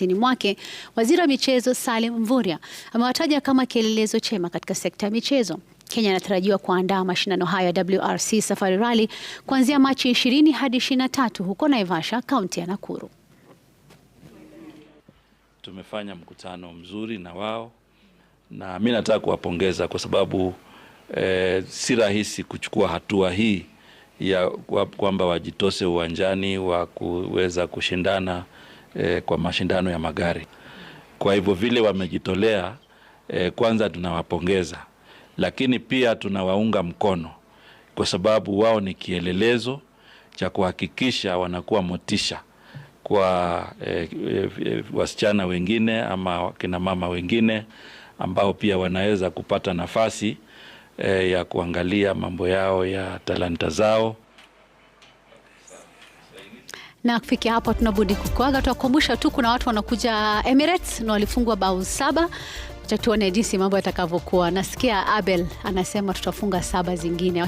ofisini mwake, waziri wa michezo Salim Mvurya amewataja kama kielelezo chema katika sekta ya michezo. Kenya inatarajiwa kuandaa mashindano hayo ya WRC Safari Rally kuanzia Machi 20 hadi 23 huko Naivasha, kaunti ya Nakuru. Tumefanya mkutano mzuri na wao na mi nataka kuwapongeza kwa sababu eh, si rahisi kuchukua hatua hii ya kwamba wajitose uwanjani wa kuweza kushindana eh, kwa mashindano ya magari. Kwa hivyo vile wamejitolea eh, kwanza tunawapongeza, lakini pia tunawaunga mkono kwa sababu wao ni kielelezo cha kuhakikisha wanakuwa motisha kwa eh, eh, eh wasichana wengine ama kina mama wengine ambao pia wanaweza kupata nafasi eh, ya kuangalia mambo yao ya talanta zao na kufikia hapo tunabudi kukuaga. Tuwakumbusha tu kuna watu wanakuja Emirates na walifungwa bao saba. Acha tuone jinsi mambo yatakavyokuwa. Nasikia Abel anasema tutafunga saba zingine.